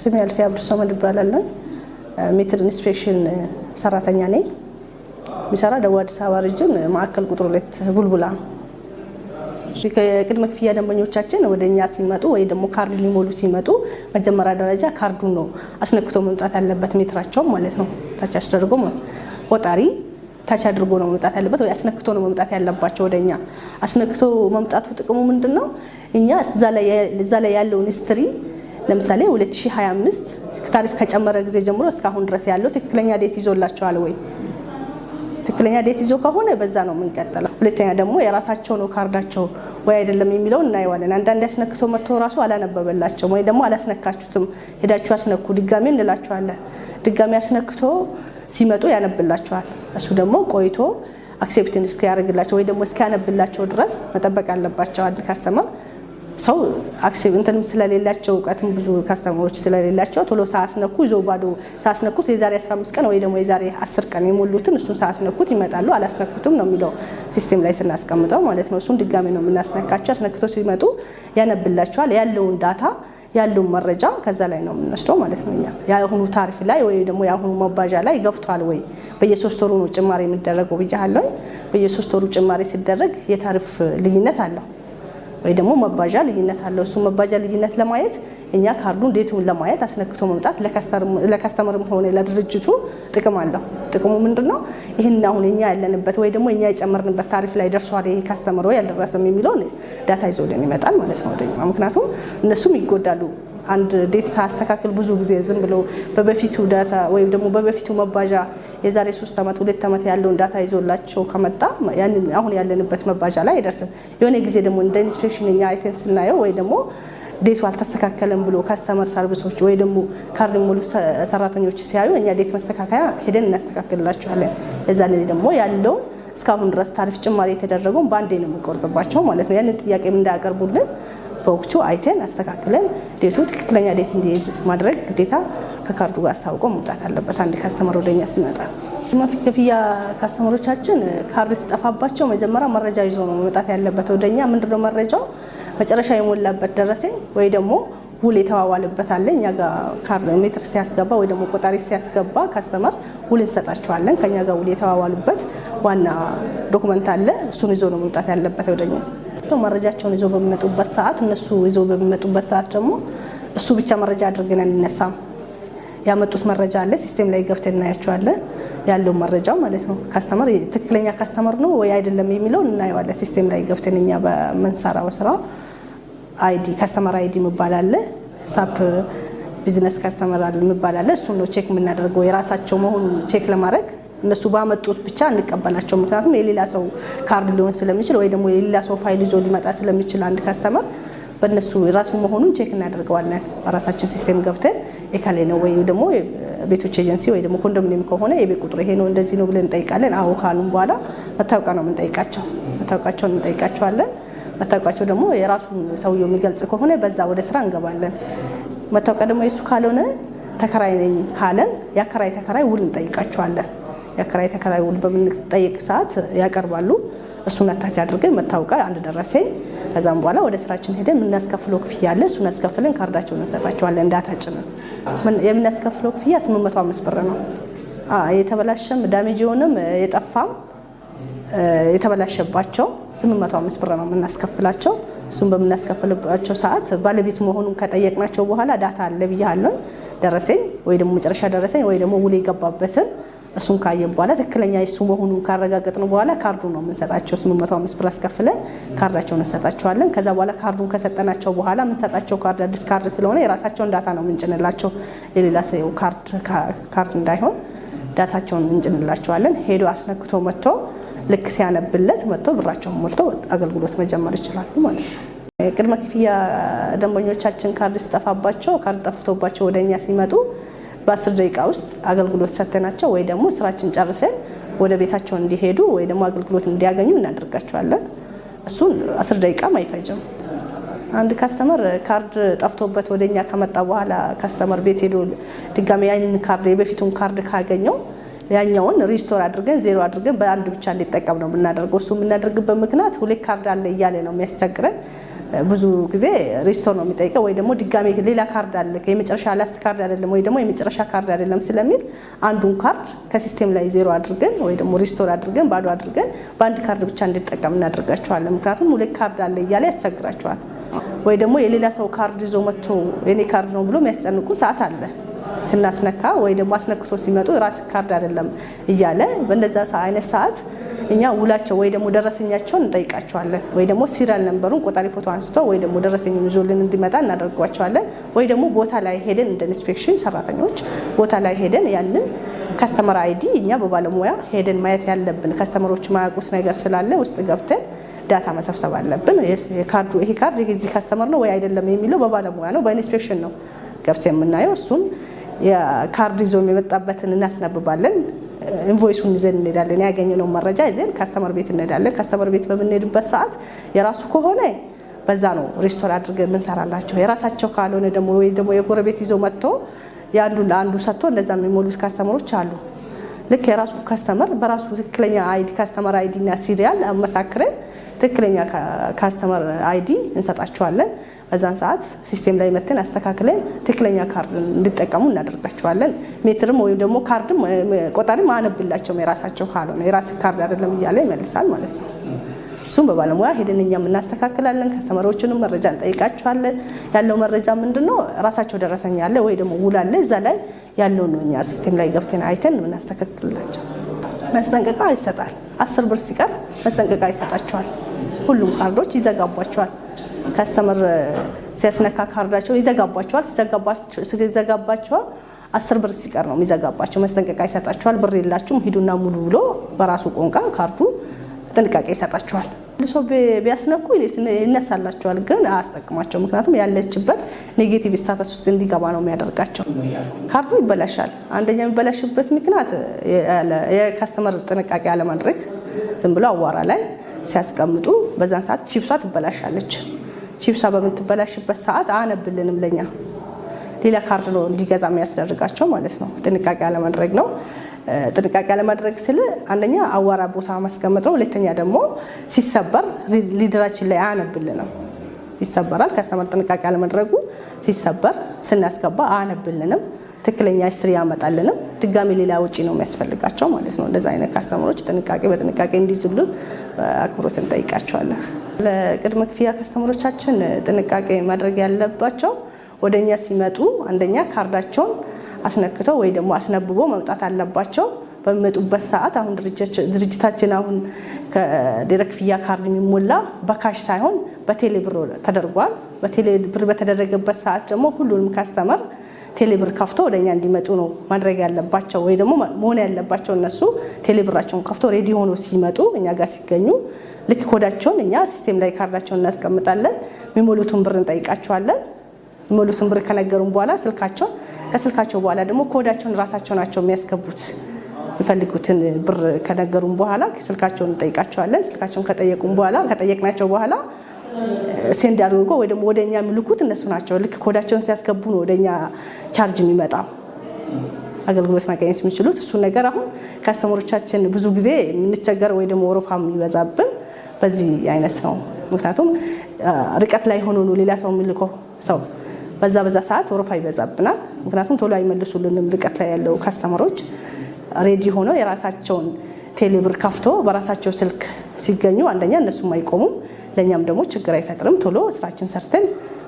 ስሜ አልፊያ ብርሶ መድ እባላለሁ። ሜትር ኢንስፔክሽን ሰራተኛ ነኝ። የሚሰራ ደቡብ አዲስ አበባ ሪጅን ማዕከል ቁጥር ሁለት ቡልቡላ። ከቅድመ ክፍያ ደንበኞቻችን ወደ እኛ ሲመጡ ወይ ደግሞ ካርድ ሊሞሉ ሲመጡ መጀመሪያ ደረጃ ካርዱን ነው አስነክቶ መምጣት ያለበት። ሜትራቸውም ማለት ነው ታች አስደርጎ ቆጣሪ ታች አድርጎ ነው መምጣት ያለበት፣ ወይ አስነክቶ ነው መምጣት ያለባቸው ወደኛ። አስነክቶ መምጣቱ ጥቅሙ ምንድን ነው? እኛ እዛ ላይ ያለውን ስትሪ ለምሳሌ 2025 ታሪፍ ከጨመረ ጊዜ ጀምሮ እስካሁን ድረስ ያለው ትክክለኛ ዴት ይዞላቸዋል ወይ? ትክክለኛ ዴት ይዞ ከሆነ በዛ ነው የምንቀጥለው። ሁለተኛ ደግሞ የራሳቸው ነው ካርዳቸው ወይ አይደለም የሚለው እናየዋለን። አንዳንድ ያስነክቶ መጥቶ ራሱ አላነበበላቸውም ወይ ደግሞ አላስነካችሁትም፣ ሄዳችሁ አስነኩ ድጋሜ እንላችኋለን። ድጋሜ አስነክቶ ሲመጡ ያነብላቸዋል። እሱ ደግሞ ቆይቶ አክሴፕትን እስኪያደርግላቸው ወይ ደግሞ እስኪያነብላቸው ድረስ መጠበቅ አለባቸው አንድ ሰው አክሲብ እንትንም ስለሌላቸው እውቀትም ብዙ ካስተማሮች ስለሌላቸው ቶሎ ሳያስነኩ ይዞ ባዶ ሳያስነኩት የዛሬ 15 ቀን ወይ ደግሞ የዛሬ 10 ቀን የሞሉትን እሱን ሳያስነኩት ይመጣሉ። አላስነኩትም ነው የሚለው ሲስቴም ላይ ስናስቀምጠው ማለት ነው። እሱን ድጋሚ ነው የምናስነካቸው። አስነክቶ ሲመጡ ያነብላቸዋል ያለውን ዳታ ያለውን መረጃ ከዛ ላይ ነው የምንወስደው ማለት ነው። እኛ የአሁኑ ታሪፍ ላይ ወይ ደግሞ የአሁኑ መባዣ ላይ ገብቷል ወይ በየሶስት ወሩ ነው ጭማሪ የሚደረገው ብያለሁ። በየሶስት ወሩ ጭማሪ ሲደረግ የታሪፍ ልዩነት አለው። ወይ ደግሞ መባዣ ልዩነት አለው። እሱ መባዣ ልዩነት ለማየት እኛ ካርዱን ዴቱን ለማየት አስነክቶ መምጣት ለከስተመርም ሆነ ለድርጅቱ ጥቅም አለው። ጥቅሙ ምንድን ነው? ይህን አሁን እኛ ያለንበት ወይ ደግሞ እኛ የጨመርንበት ታሪፍ ላይ ደርሷል ይሄ ከስተመር ወይ አልደረሰም የሚለውን ዳታ ይዞልን ይመጣል ማለት ነው። ምክንያቱም እነሱም ይጎዳሉ አንድ ዴት ሳስተካክል ብዙ ጊዜ ዝም ብሎ በበፊቱ ዳታ ወይም ደግሞ በበፊቱ መባዣ የዛሬ ሶስት ዓመት ሁለት ዓመት ያለውን ዳታ ይዞላቸው ከመጣ አሁን ያለንበት መባዣ ላይ አይደርስም። የሆነ ጊዜ ደግሞ እንደ ኢንስፔክሽን እኛ አይተን ስናየው ወይ ደግሞ ዴቱ አልተስተካከለም ብሎ ከስተመር ሰርቪሶች ወይ ደግሞ ካርድ ሙሉ ሰራተኞች ሲያዩ እኛ ዴት መስተካከያ ሄደን እናስተካክልላቸዋለን እዛ ላይ ደግሞ ያለውን እስካሁን ድረስ ታሪፍ ጭማሪ የተደረገውን በአንዴ ነው የሚቆርጥባቸው ማለት ነው። ያንን ጥያቄም እንዳያቀርቡልን በወቅቱ አይተን አስተካክለን ዴቱ ትክክለኛ ዴት እንዲይዝ ማድረግ ግዴታ ከካርዱ ጋር አስታውቆ መምጣት አለበት። አንድ ካስተመር ወደኛ ሲመጣ ክፍያ ካስተመሮቻችን ካርድ ሲጠፋባቸው መጀመሪያ መረጃ ይዞ ነው መምጣት ያለበት ወደኛ። ምንድነው መረጃው? መጨረሻ የሞላበት ደረሰኝ ወይ ደግሞ ውል የተዋዋለበት አለ። እኛ ጋር ካርድ ሜትር ሲያስገባ ወይ ደግሞ ቆጣሪ ሲያስገባ ካስተመር ውል እንሰጣቸዋለን። ከኛ ጋር ውል የተዋዋሉበት ዋና ዶክመንት አለ። እሱን ይዞ ነው መምጣት ያለበት ወደኛ። ነው መረጃቸውን ይዘው በሚመጡበት ሰዓት እነሱ ይዘው በሚመጡበት ሰዓት ደግሞ እሱ ብቻ መረጃ አድርገን አንነሳም። ያመጡት መረጃ አለ ሲስቴም ላይ ገብተን እናያቸዋለን። ያለው መረጃ ማለት ነው ካስተመር ትክክለኛ ካስተመር ነው ወይ አይደለም የሚለው እናየዋለን። ሲስቴም ላይ ገብተን እኛ በምንሰራው ስራ አይዲ ካስተመር አይዲ የሚባል አለ ሳፕ ቢዝነስ ካስተመር የሚባል አለ። እሱም ነው ቼክ የምናደርገው የራሳቸው መሆኑ ቼክ ለማድረግ እነሱ ባመጡት ብቻ እንቀበላቸው። ምክንያቱም የሌላ ሰው ካርድ ሊሆን ስለሚችል ወይ ደግሞ የሌላ ሰው ፋይል ይዞ ሊመጣ ስለሚችል አንድ ከስተመር በእነሱ ራሱ መሆኑን ቼክ እናደርገዋለን። በራሳችን ሲስቴም ገብተን የካሌ ነው ወይ ደግሞ ቤቶች ኤጀንሲ ወይ ደግሞ ኮንዶሚኒየም ከሆነ የቤት ቁጥር ይሄ ነው እንደዚህ ነው ብለን እንጠይቃለን። አዎ ካሉም በኋላ መታወቂያ ነው የምንጠይቃቸው። መታወቂያቸውን እንጠይቃቸዋለን። መታወቂያቸው ደግሞ የራሱን ሰውየው የሚገልጽ ከሆነ በዛ ወደ ስራ እንገባለን። መታወቂያ ደግሞ የሱ ካልሆነ ተከራይ ነኝ ካለን የአከራይ ተከራይ ውል እንጠይቃቸዋለን። የአከራይ ተከራዩን በምንጠይቅ ሰዓት ያቀርባሉ። እሱን አታች አድርገን መታወቂያ አንድ ደረሰኝ፣ ከዛም በኋላ ወደ ስራችን ሄደን የምናስከፍለው ክፍያ አለ። እሱን አስከፍለን ካርዳቸውን እንሰጣቸዋለን። እንዳታጭንን የምናስከፍለው ክፍያ 805 ብር ነው። የተበላሸም ዳሜጅ የሆነም የጠፋም የተበላሸባቸው 805 ብር ነው የምናስከፍላቸው። እሱን በምናስከፍልባቸው ሰዓት ባለቤት መሆኑን ከጠየቅናቸው በኋላ ዳታ አለ ብያለሁ፣ ደረሰኝ ወይ ደግሞ መጨረሻ ደረሰኝ ወይ ደግሞ ውል የገባበትን እሱን ካየን በኋላ ትክክለኛ የሱ መሆኑን ካረጋገጥነው በኋላ ካርዱን ነው የምንሰጣቸው። ስምንት ፕላስ ከፍለን ካርዳቸውን እንሰጣቸዋለን። ከዛ በኋላ ካርዱን ከሰጠናቸው በኋላ የምንሰጣቸው ካርድ አዲስ ካርድ ስለሆነ የራሳቸውን ዳታ ነው የምንጭንላቸው። የሌላ ሰው ካርድ እንዳይሆን ዳታቸውን እንጭንላቸዋለን። ሄዶ አስነክቶ መጥቶ ልክ ሲያነብለት መጥቶ ብራቸውን ሞልቶ አገልግሎት መጀመር ይችላሉ ማለት ነው። ቅድመ ክፍያ ደንበኞቻችን ካርድ ሲጠፋባቸው ካርድ ጠፍቶባቸው ወደኛ ሲመጡ በአስር ደቂቃ ውስጥ አገልግሎት ሰጥተናቸው ወይ ደግሞ ስራችን ጨርሰን ወደ ቤታቸው እንዲሄዱ ወይ ደግሞ አገልግሎት እንዲያገኙ እናደርጋቸዋለን። እሱን አስር ደቂቃም አይፈጅም። አንድ ካስተመር ካርድ ጠፍቶበት ወደኛ ከመጣ በኋላ ካስተመር ቤት ሄዶ ድጋሚ ያንን ካርድ የበፊቱን ካርድ ካገኘው ያኛውን ሪስቶር አድርገን ዜሮ አድርገን በአንድ ብቻ እንዲጠቀም ነው የምናደርገው። እሱ የምናደርግበት ምክንያት ሁሌ ካርድ አለ እያለ ነው የሚያስቸግረን። ብዙ ጊዜ ሪስቶር ነው የሚጠይቀው ወይ ደግሞ ድጋሜ ሌላ ካርድ አለ የመጨረሻ ላስት ካርድ አይደለም ወይ ደግሞ የመጨረሻ ካርድ አይደለም ስለሚል አንዱን ካርድ ከሲስቴም ላይ ዜሮ አድርገን ወይ ደግሞ ሪስቶር አድርገን ባዶ አድርገን በአንድ ካርድ ብቻ እንዲጠቀም እናደርጋቸዋለን። ምክንያቱም ሁለት ካርድ አለ እያለ ያስቸግራቸዋል። ወይ ደግሞ የሌላ ሰው ካርድ ይዞ መጥቶ የኔ ካርድ ነው ብሎ የሚያስጨንቁ ሰዓት አለ። ስናስነካ ወይ ደግሞ አስነክቶ ሲመጡ ራስ ካርድ አይደለም እያለ በእንደዛ አይነት ሰዓት እኛ ውላቸው ወይ ደግሞ ደረሰኛቸውን እንጠይቃቸዋለን። ወይ ደግሞ ሲሪያል ነንበሩን ቆጣሪ ፎቶ አንስቶ ወይ ደግሞ ደረሰኝ ይዞልን እንዲመጣ እናደርጓቸዋለን። ወይ ደግሞ ቦታ ላይ ሄደን እንደ ኢንስፔክሽን ሰራተኞች ቦታ ላይ ሄደን ያንን ከስተመር አይዲ እኛ በባለሙያ ሄደን ማየት ያለብን ከስተመሮች ማያውቁት ነገር ስላለ ውስጥ ገብተን ዳታ መሰብሰብ አለብን። ካርዱ ይሄ ካርድ የዚህ ከስተመር ነው ወይ አይደለም የሚለው በባለሙያ ነው፣ በኢንስፔክሽን ነው ገብተን የምናየው እሱን የካርድ ይዞ የሚመጣበትን እናስነብባለን። ኢንቮይሱን ይዘን እንሄዳለን። ያገኘነውን መረጃ ይዘን ካስተመር ቤት እንሄዳለን። ካስተመር ቤት በምንሄድበት ሰዓት የራሱ ከሆነ በዛ ነው ሬስቶር አድርገን የምንሰራላቸው። የራሳቸው ካልሆነ ደግሞ ወይ ደግሞ የጎረቤት ይዞ መጥቶ የአንዱ ለአንዱ ሰጥቶ እነዛ የሚሞሉት ካስተመሮች አሉ። ልክ የራሱ ካስተመር በራሱ ትክክለኛ አይዲ ካስተመር አይዲ እና ሲሪያል አመሳክረን ትክክለኛ ካስተመር አይዲ እንሰጣቸዋለን። በዛን ሰዓት ሲስቴም ላይ መተን አስተካክለን ትክክለኛ ካርድ እንዲጠቀሙ እናደርጋቸዋለን። ሜትርም ወይም ደግሞ ካርድም ቆጣሪም አነብላቸውም የራሳቸው ካልሆነ የራስ ካርድ አይደለም እያለ ይመልሳል ማለት ነው። እሱም በባለሙያ ሄደን እኛም እናስተካክላለን። ከስተመሮችንም መረጃ እንጠይቃቸዋለን። ያለው መረጃ ምንድን ነው? ራሳቸው ደረሰኛ ለ ወይ ደግሞ ውል አለ፣ እዛ ላይ ያለው ነው እኛ ሲስቴም ላይ ገብተን አይተን የምናስተካክልላቸው። መስጠንቀቃ ይሰጣል። አስር ብር ሲቀር መስጠንቀቃ ይሰጣቸዋል። ሁሉም ካርዶች ይዘጋቧቸዋል። ከስተመር ሲያስነካ ካርዳቸው ይዘጋቧቸዋል። ሲዘጋባቸዋል አስር ብር ሲቀር ነው የሚዘጋባቸው። መስጠንቀቃ ይሰጣቸዋል። ብር የላችሁም ሂዱና ሙሉ ብሎ በራሱ ቋንቋ ካርዱ ጥንቃቄ ይሰጣቸዋል። ልሶ ቢያስነኩ ይነሳላቸዋል፣ ግን አያስጠቅማቸው። ምክንያቱም ያለችበት ኔጌቲቭ ስታተስ ውስጥ እንዲገባ ነው የሚያደርጋቸው። ካርዱ ይበላሻል። አንደኛ የሚበላሽበት ምክንያት የከስተመር ጥንቃቄ አለማድረግ፣ ዝም ብሎ አዋራ ላይ ሲያስቀምጡ በዛን ሰዓት ቺፕሷ ትበላሻለች። ቺፕሷ በምትበላሽበት ሰዓት አነብልንም ለኛ ሌላ ካርድ ነው እንዲገዛ የሚያስደርጋቸው ማለት ነው። ጥንቃቄ አለማድረግ ነው። ጥንቃቄ ለማድረግ ስል አንደኛ አዋራ ቦታ ማስቀመጥ ነው። ሁለተኛ ደግሞ ሲሰበር ሊደራችን ላይ አያነብልንም፣ ይሰበራል። ከስተመር ጥንቃቄ አለማድረጉ ሲሰበር ስናስገባ አያነብልንም፣ ትክክለኛ ስትሪ ያመጣልንም። ድጋሚ ሌላ ውጪ ነው የሚያስፈልጋቸው ማለት ነው። እንደዚ አይነት ካስተመሮች ጥንቃቄ በጥንቃቄ እንዲዝሉ አክብሮት እንጠይቃቸዋለን። ለቅድመ ክፍያ ካስተመሮቻችን ጥንቃቄ ማድረግ ያለባቸው ወደኛ ሲመጡ አንደኛ ካርዳቸውን አስነክተው ወይ ደግሞ አስነብቦ መምጣት አለባቸው። በሚመጡበት ሰዓት አሁን ድርጅታችን አሁን ከድህረ ክፍያ ካርድ የሚሞላ በካሽ ሳይሆን በቴሌ ብር ተደርጓል። በቴሌ ብር በተደረገበት ሰዓት ደግሞ ሁሉንም ካስተመር ቴሌብር ከፍቶ ወደ እኛ እንዲመጡ ነው ማድረግ ያለባቸው፣ ወይ ደግሞ መሆን ያለባቸው እነሱ ቴሌብራቸውን ከፍቶ ሬዲ ሆኖ ሲመጡ እኛ ጋር ሲገኙ ልክ ኮዳቸውን እኛ ሲስቴም ላይ ካርዳቸውን እናስቀምጣለን። የሚሞሉትን ብር እንጠይቃቸዋለን። የሚሞሉትን ብር ከነገሩን በኋላ ስልካቸውን ከስልካቸው በኋላ ደግሞ ኮዳቸውን ራሳቸው ናቸው የሚያስገቡት። የሚፈልጉትን ብር ከነገሩን በኋላ ስልካቸውን እንጠይቃቸዋለን። ስልካቸውን ከጠየቁም በኋላ ከጠየቅናቸው በኋላ ሴንድ አድርጎ ወይ ደግሞ ወደኛ የሚልኩት እነሱ ናቸው። ልክ ኮዳቸውን ሲያስገቡ ነው ወደኛ ቻርጅ የሚመጣው። አገልግሎት ማግኘት የሚችሉት እሱ ነገር አሁን ከስተመሮቻችን ብዙ ጊዜ የምንቸገር ወይ ደግሞ ወረፋ የሚበዛብን በዚህ አይነት ነው። ምክንያቱም ርቀት ላይ ሆኖ ነው ሌላ ሰው የሚልከው ሰው በዛ በዛ ሰዓት ወረፋ ይበዛብናል። ምክንያቱም ቶሎ አይመልሱልንም። ልቀት ላይ ያለው ካስተመሮች ሬዲ ሆነው የራሳቸውን ቴሌብር ከፍቶ በራሳቸው ስልክ ሲገኙ አንደኛ እነሱም አይቆሙም፣ ለእኛም ደግሞ ችግር አይፈጥርም። ቶሎ ስራችን ሰርተን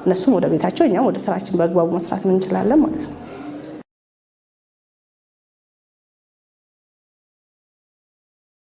እነሱም ወደ ቤታቸው እኛም ወደ ስራችን በአግባቡ መስራት እንችላለን ማለት ነው።